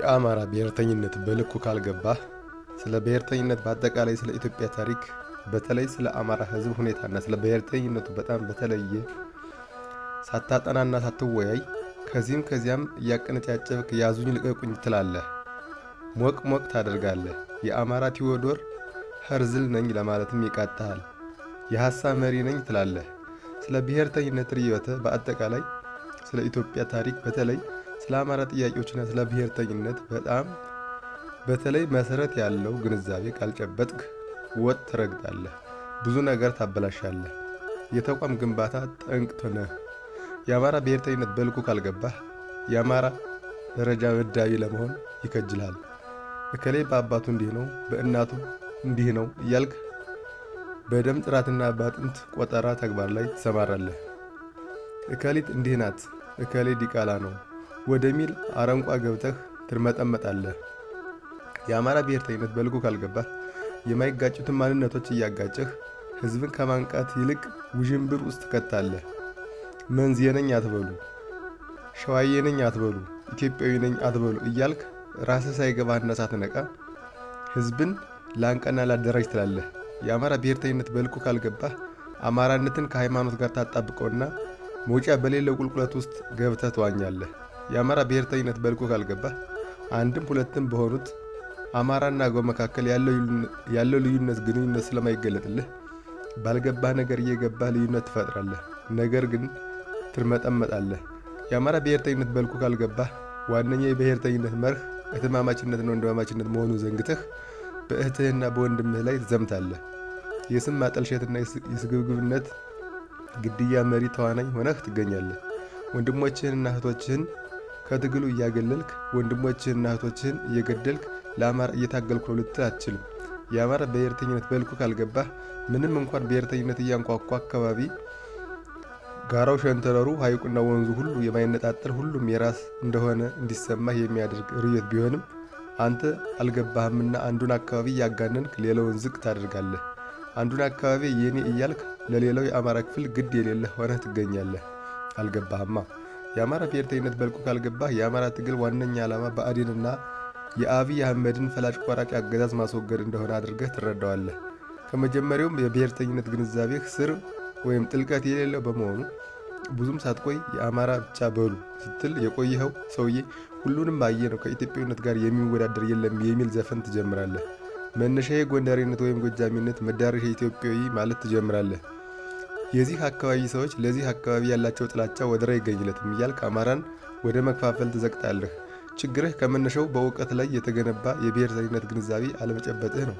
የአማራ ብሔርተኝነት በልኩ ካልገባህ ስለ ብሔርተኝነት በአጠቃላይ ስለ ኢትዮጵያ ታሪክ በተለይ ስለ አማራ ህዝብ ሁኔታና ስለ ብሔርተኝነቱ በጣም በተለየ ሳታጠናና ሳትወያይ ከዚህም ከዚያም እያቀነጫጨብክ ያዙኝ ልቀቁኝ ትላለህ። ሞቅ ሞቅ ታደርጋለህ። የአማራ ቲዎዶር ኸርዝል ነኝ ለማለትም ይቃጣሃል። የሐሳብ መሪ ነኝ ትላለህ። ስለ ብሔርተኝነት ርዕዮተ በአጠቃላይ ስለ ኢትዮጵያ ታሪክ በተለይ ስለ አማራ ጥያቄዎችና ስለ ብሔርተኝነት በጣም በተለይ መሰረት ያለው ግንዛቤ ካልጨበጥክ ወጥ ትረግጣለህ፣ ብዙ ነገር ታበላሻለህ፣ የተቋም ግንባታ ጠንቅቶነ ነህ። የአማራ ብሔርተኝነት በልኩ ካልገባህ የአማራ ደረጃ መዳቢ ለመሆን ይከጅልሃል። እከሌ በአባቱ እንዲህ ነው፣ በእናቱ እንዲህ ነው እያልክ በደም ጥራትና በአጥንት ቆጠራ ተግባር ላይ ትሰማራለህ። እከሊት እንዲህ ናት፣ እከሌ ዲቃላ ነው ወደሚል አረንቋ ገብተህ ትርመጠመጣለህ። የአማራ ብሔርተኝነት በልኩ ካልገባህ የማይጋጩትን ማንነቶች እያጋጨህ ህዝብን ከማንቃት ይልቅ ውዥንብር ውስጥ ትከታለህ። መንዝዬ ነኝ አትበሉ፣ ሸዋዬ ነኝ አትበሉ፣ ኢትዮጵያዊ ነኝ አትበሉ እያልክ ሳይገባ ሳይገባህና ነቃ ህዝብን ላንቀና ላደራጅ ትላለህ። የአማራ ብሔርተኝነት በልኩ ካልገባህ አማራነትን ከሃይማኖት ጋር ታጣብቀውና መውጫ በሌለው ቁልቁለት ውስጥ ገብተህ ትዋኛለህ። የአማራ ብሔርተኝነት በልቆ ካልገባ አንድም ሁለትም በሆኑት አማራና አገው መካከል ያለው ልዩነት ግንኙነት ስለማይገለጥልህ ባልገባህ ነገር እየገባህ ልዩነት ትፈጥራለህ። ነገር ግን ትርመጠመጣለህ። የአማራ ብሔርተኝነት በልኩ ካልገባህ ዋነኛ የብሔርተኝነት መርህ እህትማማችነትና ወንድማማችነት መሆኑ ዘንግተህ በእህትህና በወንድምህ ላይ ትዘምታለህ። የስም ማጠልሸትና የስግብግብነት ግድያ መሪ ተዋናኝ ሆነህ ትገኛለህ። ወንድሞችህንና እህቶችህን ከትግሉ እያገለልክ ወንድሞችህንና እህቶችህን እየገደልክ ለአማራ እየታገልኩ ነው ልትል አትችልም። የአማራ ብሔርተኝነት በልኩ ካልገባህ ምንም እንኳን ብሔርተኝነት እያንኳኳ አካባቢ ጋራው፣ ሸንተረሩ፣ ሐይቁና ወንዙ ሁሉ የማይነጣጠል ሁሉም የራስ እንደሆነ እንዲሰማህ የሚያደርግ ርዕዮት ቢሆንም አንተ አልገባህምና አንዱን አካባቢ እያጋነንክ ሌላውን ዝቅ ታደርጋለህ። አንዱን አካባቢ የኔ እያልክ ለሌላው የአማራ ክፍል ግድ የሌለህ ሆነህ ትገኛለህ። አልገባህማ። የአማራ ብሔርተኝነት በልቆ ካልገባህ የአማራ ትግል ዋነኛ ዓላማ ና የአብይ አህመድን ፈላጭ ቆራጭ አገዛዝ ማስወገድ እንደሆነ አድርገህ ትረዳዋለህ። ከመጀመሪያውም የብሔርተኝነት ግንዛቤህ ስር ወይም ጥልቀት የሌለው በመሆኑ ብዙም ሳትቆይ የአማራ ብቻ በሉ ስትል የቆየኸው ሰውዬ ሁሉንም አየ ነው ከኢትዮጵያዊነት ጋር የሚወዳደር የለም የሚል ዘፈን ትጀምራለህ። መነሻዬ ጎንደሬነት ወይም ጎጃሚነት፣ መዳረሻ ኢትዮጵያዊ ማለት ትጀምራለህ። የዚህ አካባቢ ሰዎች ለዚህ አካባቢ ያላቸው ጥላቻ ወደራ አይገኝለትም እያልክ አማራን ወደ መከፋፈል ትዘቅጣለህ። ችግርህ ከመነሻው በእውቀት ላይ የተገነባ የብሔርተኝነት ግንዛቤ አለመጨበጥህ ነው።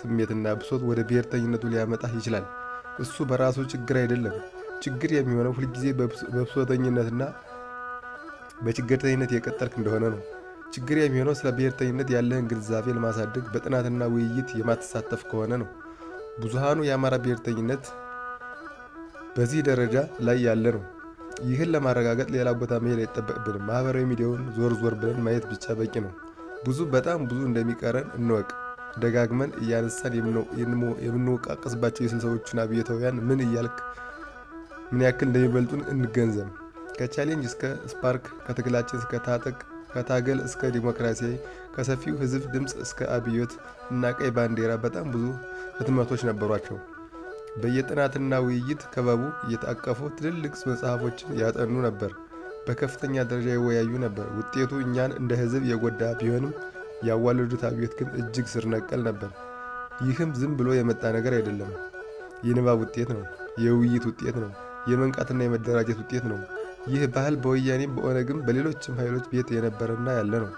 ስሜትና ብሶት ወደ ብሔርተኝነቱ ሊያመጣህ ይችላል። እሱ በራሱ ችግር አይደለም። ችግር የሚሆነው ሁልጊዜ በብሶተኝነትና በችግርተኝነት የቀጠልክ እንደሆነ ነው። ችግር የሚሆነው ስለ ብሔርተኝነት ያለህን ግንዛቤ ለማሳደግ በጥናትና ውይይት የማትሳተፍ ከሆነ ነው። ብዙሃኑ የአማራ ብሔርተኝነት በዚህ ደረጃ ላይ ያለ ነው። ይህን ለማረጋገጥ ሌላ ቦታ መሄድ አይጠበቅብንም። ማህበራዊ ሚዲያውን ዞር ዞር ብለን ማየት ብቻ በቂ ነው። ብዙ በጣም ብዙ እንደሚቀረን እንወቅ። ደጋግመን እያነሳን የምንወቃቀስባቸው የስንሰዎቹን አብዮታውያን ምን እያልክ ምን ያክል እንደሚበልጡን እንገንዘብ። ከቻሌንጅ እስከ ስፓርክ፣ ከትግላችን እስከ ታጠቅ፣ ከታገል እስከ ዲሞክራሲ፣ ከሰፊው ህዝብ ድምፅ እስከ አብዮት እና ቀይ ባንዲራ በጣም ብዙ ህትመቶች ነበሯቸው። በየጥናትና ውይይት ክበቡ እየታቀፉ ትልልቅ መጽሐፎችን ያጠኑ ነበር። በከፍተኛ ደረጃ ይወያዩ ነበር። ውጤቱ እኛን እንደ ሕዝብ የጎዳ ቢሆንም ያዋለዱት አብዮት ግን እጅግ ስር ነቀል ነበር። ይህም ዝም ብሎ የመጣ ነገር አይደለም። የንባብ ውጤት ነው። የውይይት ውጤት ነው። የመንቃትና የመደራጀት ውጤት ነው። ይህ ባህል በወያኔም በኦነግም በሌሎችም ኃይሎች ቤት የነበረና ያለ ነው።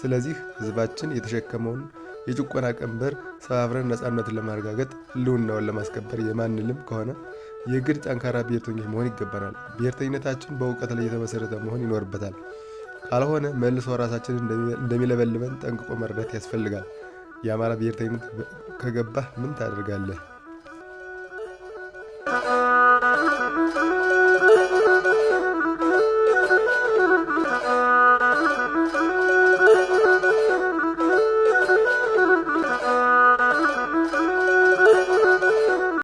ስለዚህ ሕዝባችን የተሸከመውን የጭቆና ቀንበር ሰባብረን ነፃነትን ለማረጋገጥ ህልውናውን ለማስከበር የማንልም ከሆነ የግድ ጠንካራ ብሔርተኞች መሆን ይገባናል። ብሔርተኝነታችን በእውቀት ላይ የተመሰረተ መሆን ይኖርበታል። ካልሆነ መልሶ ራሳችን እንደሚለበልበን ጠንቅቆ መረዳት ያስፈልጋል። የአማራ ብሔርተኝነት ከገባህ ምን ታደርጋለህ?